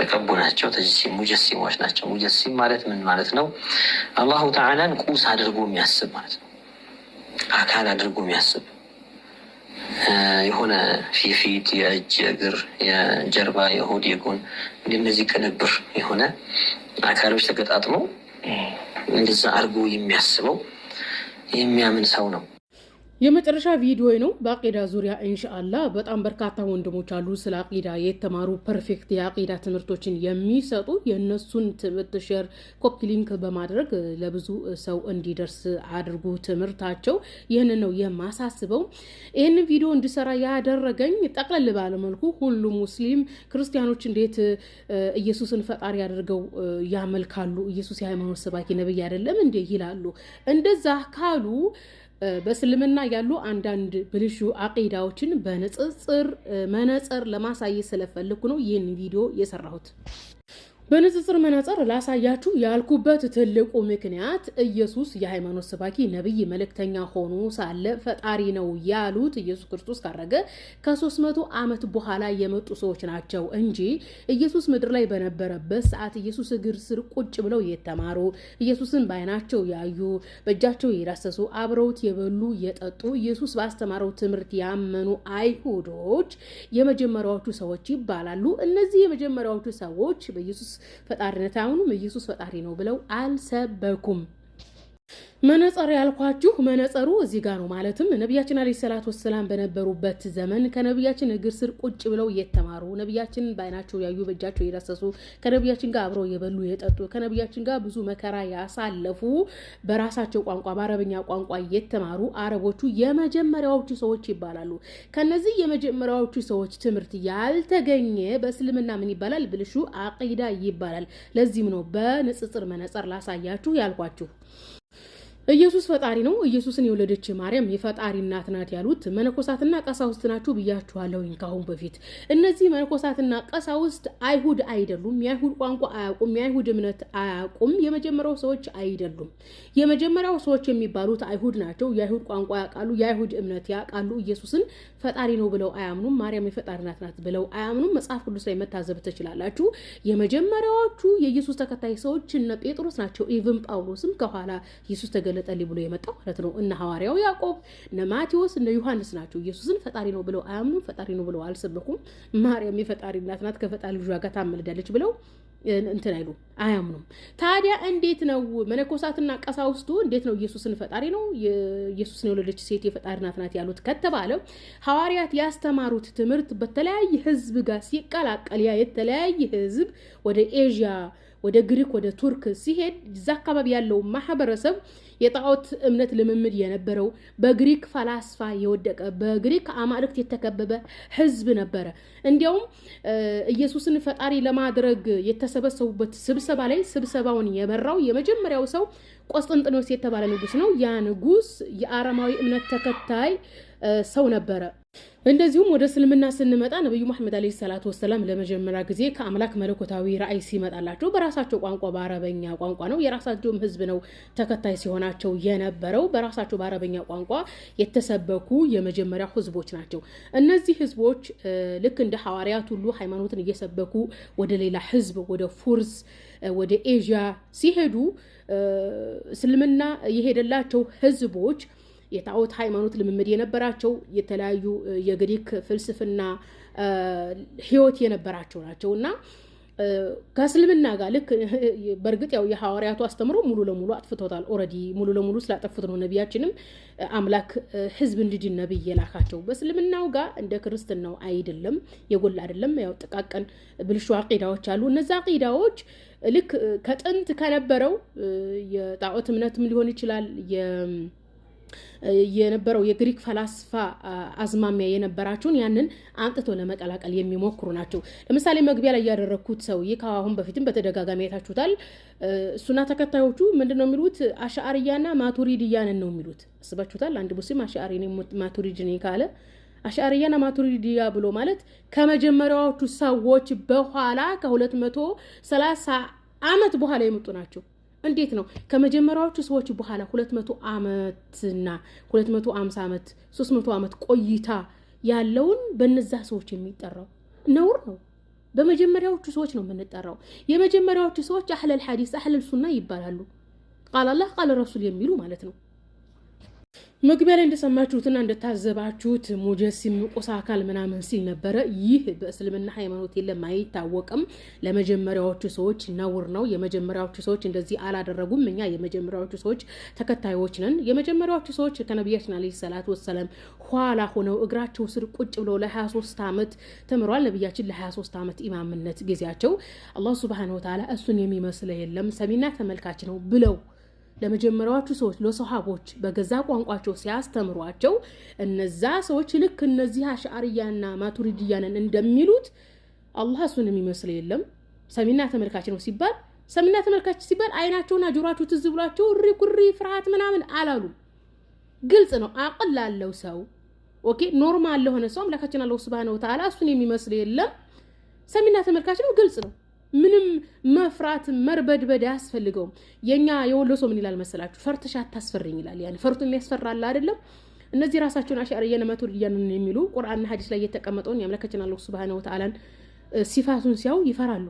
ተቀቡ ናቸው። ተጅሲም ሙጀሲሞች ናቸው። ሙጀሲም ማለት ምን ማለት ነው? አላሁ ተዓላን ቁስ አድርጎ የሚያስብ ማለት ነው። አካል አድርጎ የሚያስብ የሆነ የፊት፣ የእጅ፣ የእግር፣ የጀርባ፣ የሆድ፣ የጎን እንደነዚህ ቅንብር የሆነ አካሎች ተገጣጥመው እንደዛ አድርጎ የሚያስበው የሚያምን ሰው ነው። የመጨረሻ ቪዲዮ ነው በአቂዳ ዙሪያ እንሻአላ። በጣም በርካታ ወንድሞች አሉ ስለ አቂዳ የተማሩ ፐርፌክት የአቂዳ ትምህርቶችን የሚሰጡ የእነሱን ትምህርት ሼር ኮፒሊንክ በማድረግ ለብዙ ሰው እንዲደርስ አድርጉ ትምህርታቸው ይህንን ነው የማሳስበው ይህንን ቪዲዮ እንድሰራ ያደረገኝ ጠቅለል ባለመልኩ ሁሉ ሙስሊም ክርስቲያኖች እንዴት ኢየሱስን ፈጣሪ አድርገው ያመልካሉ ኢየሱስ የሃይማኖት ሰባኪ ነብይ አይደለም እንዴ ይላሉ እንደዛ ካሉ በእስልምና ያሉ አንዳንድ ብልሹ አቂዳዎችን በንጽጽር መነጽር ለማሳየት ስለፈለኩ ነው ይህን ቪዲዮ የሰራሁት። በንጽጽር መነጽር ላሳያችሁ ያልኩበት ትልቁ ምክንያት ኢየሱስ የሃይማኖት ሰባኪ ነቢይ፣ መልእክተኛ ሆኖ ሳለ ፈጣሪ ነው ያሉት ኢየሱስ ክርስቶስ ካረገ ከ300 ዓመት በኋላ የመጡ ሰዎች ናቸው እንጂ ኢየሱስ ምድር ላይ በነበረበት ሰዓት ኢየሱስ እግር ስር ቁጭ ብለው የተማሩ ኢየሱስን በዓይናቸው ያዩ፣ በእጃቸው የዳሰሱ፣ አብረውት የበሉ የጠጡ፣ ኢየሱስ ባስተማረው ትምህርት ያመኑ አይሁዶች የመጀመሪያዎቹ ሰዎች ይባላሉ። እነዚህ የመጀመሪያዎቹ ሰዎች በኢየሱስ ፈጣሪነት አሁንም ኢየሱስ ፈጣሪ ነው ብለው አልሰበኩም። መነጸር ያልኳችሁ መነጸሩ እዚህ ጋር ነው። ማለትም ነቢያችን አለ ሰላት ወሰላም በነበሩበት ዘመን ከነቢያችን እግር ስር ቁጭ ብለው የተማሩ ነቢያችን በአይናቸው ያዩ በእጃቸው የዳሰሱ ከነቢያችን ጋር አብረው የበሉ የጠጡ ከነቢያችን ጋር ብዙ መከራ ያሳለፉ በራሳቸው ቋንቋ በአረበኛ ቋንቋ የተማሩ አረቦቹ የመጀመሪያዎቹ ሰዎች ይባላሉ። ከነዚህ የመጀመሪያዎቹ ሰዎች ትምህርት ያልተገኘ በእስልምና ምን ይባላል? ብልሹ አቂዳ ይባላል። ለዚህም ነው በንጽጽር መነጸር ላሳያችሁ ያልኳችሁ። ኢየሱስ ፈጣሪ ነው፣ ኢየሱስን የወለደች ማርያም የፈጣሪ እናት ናት ያሉት መነኮሳትና ቀሳውስት ናችሁ ብያችኋለሁኝ ካሁን በፊት። እነዚህ መነኮሳትና ቀሳውስት አይሁድ አይደሉም። የአይሁድ ቋንቋ አያውቁም፣ የአይሁድ እምነት አያውቁም። የመጀመሪያው ሰዎች አይደሉም። የመጀመሪያው ሰዎች የሚባሉት አይሁድ ናቸው። የአይሁድ ቋንቋ ያውቃሉ፣ የአይሁድ እምነት ያውቃሉ። ኢየሱስን ፈጣሪ ነው ብለው አያምኑም። ማርያም የፈጣሪ እናት ናት ብለው አያምኑም። መጽሐፍ ቅዱስ ላይ መታዘብ ትችላላችሁ። የመጀመሪያዎቹ የኢየሱስ ተከታይ ሰዎች እነ ጴጥሮስ ናቸው። ኢቭን ጳውሎስም ከኋላ ኢየሱስ ተገለ ተገለጠልኝ ብሎ የመጣው ማለት ነው። እነ ሐዋርያው ያዕቆብ እነ ማቴዎስ እነ ዮሐንስ ናቸው። ኢየሱስን ፈጣሪ ነው ብለው አያምኑም። ፈጣሪ ነው ብለው አልሰበኩም። ማርያም የፈጣሪ እናት ናት፣ ከፈጣሪ ልጇ ጋር ታመልዳለች ብለው እንትን አይሉ አያምኑም። ታዲያ እንዴት ነው መነኮሳትና ቀሳውስቱ እንዴት ነው ኢየሱስን ፈጣሪ ነው ኢየሱስን የወለደች ሴት የፈጣሪ ናት ናት ያሉት ከተባለ ሐዋርያት ያስተማሩት ትምህርት በተለያየ ሕዝብ ጋር ሲቀላቀል ያ የተለያየ ሕዝብ ወደ ኤዥያ ወደ ግሪክ፣ ወደ ቱርክ ሲሄድ እዛ አካባቢ ያለው ማህበረሰብ የጣዖት እምነት ልምምድ የነበረው በግሪክ ፈላስፋ የወደቀ በግሪክ አማልክት የተከበበ ህዝብ ነበረ። እንዲያውም ኢየሱስን ፈጣሪ ለማድረግ የተሰበሰቡበት ስብሰባ ላይ ስብሰባውን የመራው የመጀመሪያው ሰው ቆስጠንጥኖስ የተባለ ንጉስ ነው። ያ ንጉስ የአረማዊ እምነት ተከታይ ሰው ነበረ። እንደዚሁም ወደ እስልምና ስንመጣ ነቢዩ መሐመድ አለ ሰላት ወሰላም ለመጀመሪያ ጊዜ ከአምላክ መለኮታዊ ራእይ ሲመጣላቸው በራሳቸው ቋንቋ በአረበኛ ቋንቋ ነው። የራሳቸውም ህዝብ ነው ተከታይ ሲሆናቸው የነበረው። በራሳቸው በአረበኛ ቋንቋ የተሰበኩ የመጀመሪያ ህዝቦች ናቸው። እነዚህ ህዝቦች ልክ እንደ ሐዋርያት ሁሉ ሃይማኖትን እየሰበኩ ወደ ሌላ ህዝብ ወደ ፉርስ ወደ ኤዥያ ሲሄዱ እስልምና የሄደላቸው ህዝቦች። የጣዖት ሃይማኖት ልምምድ የነበራቸው የተለያዩ የግሪክ ፍልስፍና ህይወት የነበራቸው ናቸው እና ከእስልምና ጋር ልክ በእርግጥ ያው የሐዋርያቱ አስተምሮ ሙሉ ለሙሉ አጥፍቶታል። ኦልሬዲ ሙሉ ለሙሉ ስላጠፉት ነው ነቢያችንም አምላክ ህዝብ እንዲድን ነብይ የላካቸው። በእስልምናው ጋር እንደ ክርስትናው አይደለም፣ የጎላ አይደለም። ያው ጥቃቅን ብልሹ አቂዳዎች አሉ። እነዚ አቂዳዎች ልክ ከጥንት ከነበረው የጣዖት እምነትም ሊሆን ይችላል የነበረው የግሪክ ፈላስፋ አዝማሚያ የነበራቸውን ያንን አምጥቶ ለመቀላቀል የሚሞክሩ ናቸው። ለምሳሌ መግቢያ ላይ ያደረግኩት ሰውዬ ከአሁን በፊትም በተደጋጋሚ አይታችሁታል። እሱና ተከታዮቹ ምንድን ነው የሚሉት? አሻአርያና ማቱሪድያንን ነው የሚሉት። አስባችሁታል? አንድ ሙስሊም አሻአሪ ማቱሪድ ነኝ ካለ አሻሪያና ማቱሪዲያ ብሎ ማለት ከመጀመሪያዎቹ ሰዎች በኋላ ከሁለት መቶ ሰላሳ ዓመት በኋላ የመጡ ናቸው። እንዴት ነው ከመጀመሪያዎቹ ሰዎች በኋላ 200 ዓመትና 250 ዓመት 300 ዓመት ቆይታ ያለውን በነዛ ሰዎች የሚጠራው ነውር ነው። በመጀመሪያዎቹ ሰዎች ነው የምንጠራው። የመጀመሪያዎቹ ሰዎች አህለል ሐዲስ አህለል ሱና ይባላሉ። ቃል አላህ ቃል ረሱል የሚሉ ማለት ነው። መግቢያ ላይ እንደሰማችሁትና እንደታዘባችሁት ሙጀሲም ቁስ አካል ምናምን ሲል ነበረ። ይህ በእስልምና ሃይማኖት የለም፣ አይታወቅም። ለመጀመሪያዎቹ ሰዎች ነውር ነው። የመጀመሪያዎቹ ሰዎች እንደዚህ አላደረጉም። እኛ የመጀመሪያዎቹ ሰዎች ተከታዮች ነን። የመጀመሪያዎቹ ሰዎች ከነቢያችን አለ ሰላት ወሰላም ኋላ ሆነው እግራቸው ስር ቁጭ ብለው ለ23 ዓመት ተምረዋል። ነቢያችን ለ23 ዓመት ኢማምነት ጊዜያቸው አላህ ሱብሃነሁ ወተዓላ እሱን የሚመስለ የለም ሰሚና ተመልካች ነው ብለው ለመጀመሪያዎቹ ሰዎች ለሰሃቦች በገዛ ቋንቋቸው ሲያስተምሯቸው እነዛ ሰዎች ልክ እነዚህ አሻርያና ማቱሪድያንን እንደሚሉት አላህ እሱን የሚመስል የለም። ሰሚና ተመልካች ነው ሲባል ሰሚና ተመልካች ሲባል አይናቸውና ጆሯቸው ትዝ ብሏቸው እሪ ኩሪ ፍርሃት ምናምን አላሉ። ግልጽ ነው። አቅል ላለው ሰው ኦኬ፣ ኖርማል ለሆነ ሰው አምላካችን አላሁ ስብሃነ ወተዓላ እሱን የሚመስል የለም። ሰሚና ተመልካች ነው። ግልጽ ነው። ምንም መፍራት መርበድበድ አያስፈልገውም። የኛ የወሎ ሰው ምን ይላል መሰላችሁ? ፈርተሽ አታስፈርኝ ይላል። ያን ፈርቶ የሚያስፈራል አይደለም። እነዚህ ራሳቸውን አሻር ነመቱ ልያንን የሚሉ ቁርአንና ሀዲስ ላይ የተቀመጠውን የአምላካችን አላህ ሱብሃነ ወተዓላን ሲፋቱን ሲያው ይፈራሉ።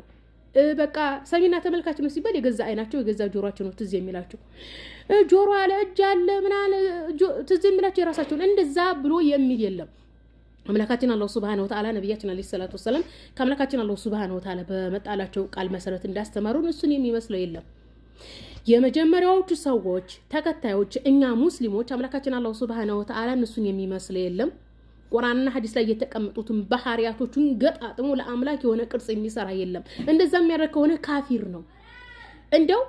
በቃ ሰሚና ተመልካች ነው ሲባል የገዛ አይናቸው የገዛ ጆሮቸው ነው ትዝ የሚላቸው። ጆሮ አለ እጅ አለ ምናምን ትዝ የሚላቸው የራሳቸውን እንደዛ ብሎ የሚል የለም። አምላካችን አላሁ ስብሃነ ወተዓላ ነቢያችን አለይሂ ሰላት ወሰላም ከአምላካችን አላሁ ስብሃነ ወተዓላ በመጣላቸው ቃል መሰረት እንዳስተማሩን እሱን የሚመስለው የለም። የመጀመሪያዎቹ ሰዎች ተከታዮች፣ እኛ ሙስሊሞች አምላካችን አላሁ ስብሃነ ወተዓላ እሱን የሚመስለው የለም። ቁርአንና ሀዲስ ላይ የተቀመጡትን ባህሪያቶቹን ገጣጥሞ ለአምላክ የሆነ ቅርጽ የሚሰራ የለም። እንደዛ የሚያደርግ ከሆነ ካፊር ነው። እንደው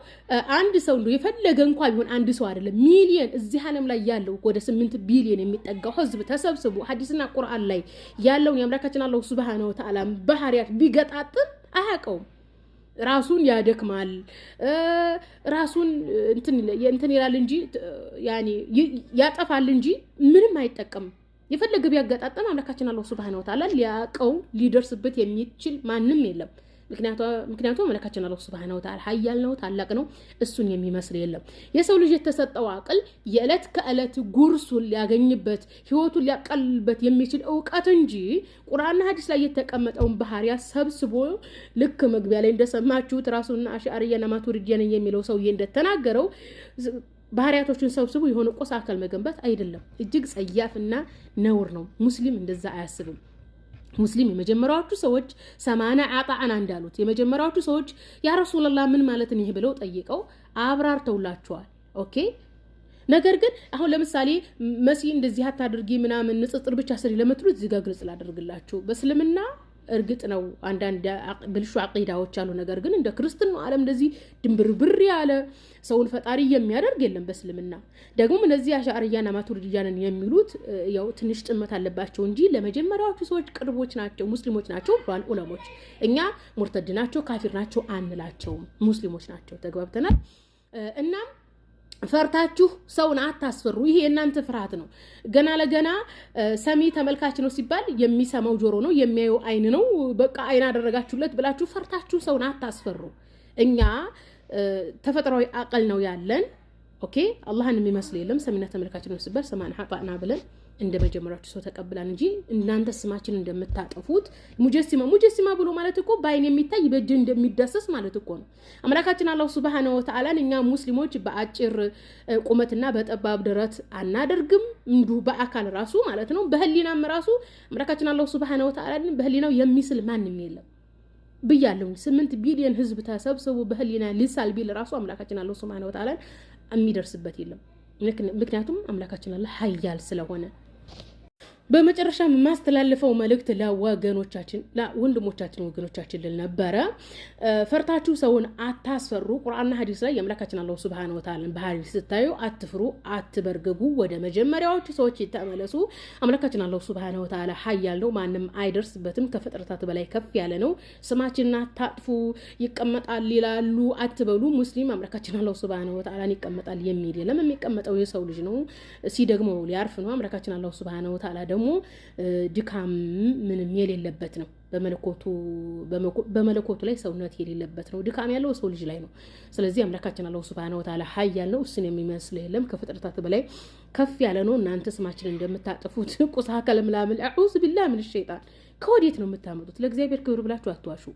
አንድ ሰው እንደው የፈለገ እንኳ ቢሆን አንድ ሰው አይደለም ሚሊየን እዚህ ዓለም ላይ ያለው ወደ ስምንት ቢሊየን የሚጠጋው ህዝብ ተሰብስቦ ሀዲስና ቁርአን ላይ ያለውን የአምላካችን አላሁ ስብሃነ ወተዓላ ባህሪያት ቢገጣጥም አያውቀውም። ራሱን ያደክማል። ራሱን እንትን ይላል እንጂ ያጠፋል እንጂ ምንም አይጠቀምም። የፈለገ ቢያገጣጠም አምላካችን አላሁ ስብሃነ ወተዓላ ሊያውቀው ሊደርስበት የሚችል ማንም የለም። ምክንያቱም አምላካችን አላህ ሱብሃነሁ ወተዓላ ኃያል ነው፣ ታላቅ ነው። እሱን የሚመስል የለም። የሰው ልጅ የተሰጠው አቅል የዕለት ከዕለት ጉርሱን ሊያገኝበት ህይወቱን ሊያቀልልበት የሚችል እውቀት እንጂ ቁርአንና ሀዲስ ላይ የተቀመጠውን ባህሪያ ሰብስቦ ልክ መግቢያ ላይ እንደሰማችሁት ራሱና አሽአርያና ማቱሪዲያን የሚለው ሰውዬ እንደተናገረው ባህሪያቶቹን ሰብስቡ የሆነ ቁስ አካል መገንባት አይደለም። እጅግ ጸያፍና ነውር ነው። ሙስሊም እንደዛ አያስብም። ሙስሊም የመጀመሪያዎቹ ሰዎች ሰማነ አጣአና እንዳሉት የመጀመሪያዎቹ ሰዎች ያ ረሱላላህ ምን ማለት ነው ይህ ብለው ጠይቀው አብራርተውላቸዋል። ኦኬ። ነገር ግን አሁን ለምሳሌ መሲ እንደዚህ አታድርጊ ምናምን ንጽጥር ብቻ ስሪ ለምትሉት እዚህ ጋ ግልጽ ላደርግላችሁ በእስልምና እርግጥ ነው አንዳንድ ብልሹ አቂዳዎች አሉ። ነገር ግን እንደ ክርስትናው ዓለም እንደዚህ ድንብርብር ያለ ሰውን ፈጣሪ የሚያደርግ የለም በእስልምና። ደግሞም እነዚህ አሻርያና ማቱሪድያንን የሚሉት ያው ትንሽ ጥመት አለባቸው እንጂ ለመጀመሪያዎቹ ሰዎች ቅርቦች ናቸው፣ ሙስሊሞች ናቸው ብሏል ዑለሞች። እኛ ሙርተድ ናቸው፣ ካፊር ናቸው አንላቸውም፣ ሙስሊሞች ናቸው። ተግባብተናል። እናም ፈርታችሁ ሰውን አታስፈሩ። ይሄ የእናንተ ፍርሃት ነው። ገና ለገና ሰሚ ተመልካች ነው ሲባል የሚሰማው ጆሮ ነው፣ የሚያየው አይን ነው። በቃ አይን አደረጋችሁለት ብላችሁ ፈርታችሁ ሰውን አታስፈሩ። እኛ ተፈጥሯዊ አቅል ነው ያለን። ኦኬ፣ አላህን የሚመስል የለም። ሰሚና ተመልካች ነው ሲባል ሰማን ሀጣና ብለን እንደ መጀመሪያችሁ ሰው ተቀብላን እንጂ እናንተ ስማችን እንደምታጠፉት ሙጀሲማ ሙጀሲማ ብሎ ማለት እኮ በአይን የሚታይ በእጅ እንደሚዳሰስ ማለት እኮ ነው። አምላካችን አላሁ ስብሃነ ወተዓላን እኛ ሙስሊሞች በአጭር ቁመትና በጠባብ ድረት አናደርግም። እንዲሁ በአካል ራሱ ማለት ነው። በህሊናም ራሱ አምላካችን አላሁ ስብሃነ ወተዓላን በህሊናው የሚስል ማንም የለም ብያለሁ። ስምንት ቢሊዮን ህዝብ ተሰብስቦ በህሊና ልሳል ቢል ራሱ አምላካችን አላሁ ስብሃነ ወተዓላን የሚደርስበት የለም። ምክንያቱም አምላካችን አላህ ሀያል ስለሆነ በመጨረሻ የማስተላልፈው መልእክት ለወገኖቻችን ለወንድሞቻችን ወገኖቻችን ልል ነበረ፣ ፈርታችሁ ሰውን አታስፈሩ። ቁርአንና ሀዲስ ላይ የአምላካችን አላሁ ስብሃነ ወተዓላን ባህሪ ስታዩ አትፍሩ፣ አትበርግጉ፣ ወደ መጀመሪያዎቹ ሰዎች ይተመለሱ። አምላካችን አላሁ ስብሃነ ወተዓላ ሀያል ነው፣ ማንም አይደርስበትም። ከፍጥረታት በላይ ከፍ ያለ ነው። ስማችንን አታጥፉ። ይቀመጣል ይላሉ አትበሉ። ሙስሊም አምላካችን አላሁ ስብሃነ ወተዓላን ይቀመጣል የሚል የለም። የሚቀመጠው የሰው ልጅ ነው፣ ሲደግመው ሊያርፍ ነው። አምላካችን አላሁ ስብሃነ ወተዓላ ደግሞ ደግሞ ድካም ምንም የሌለበት ነው። በመለኮቱ በመለኮቱ ላይ ሰውነት የሌለበት ነው። ድካም ያለው ሰው ልጅ ላይ ነው። ስለዚህ አምላካችን አላሁ ስብሃነ ወተዓላ ኃያል ነው። እሱን የሚመስል የለም። ከፍጥረታት በላይ ከፍ ያለ ነው። እናንተ ስማችን እንደምታጥፉት ቁሳ ከለምላምል አዑዝ ቢላ ምን ሸይጣን ከወዴት ነው የምታመጡት? ለእግዚአብሔር ክብር ብላችሁ አትዋሹ።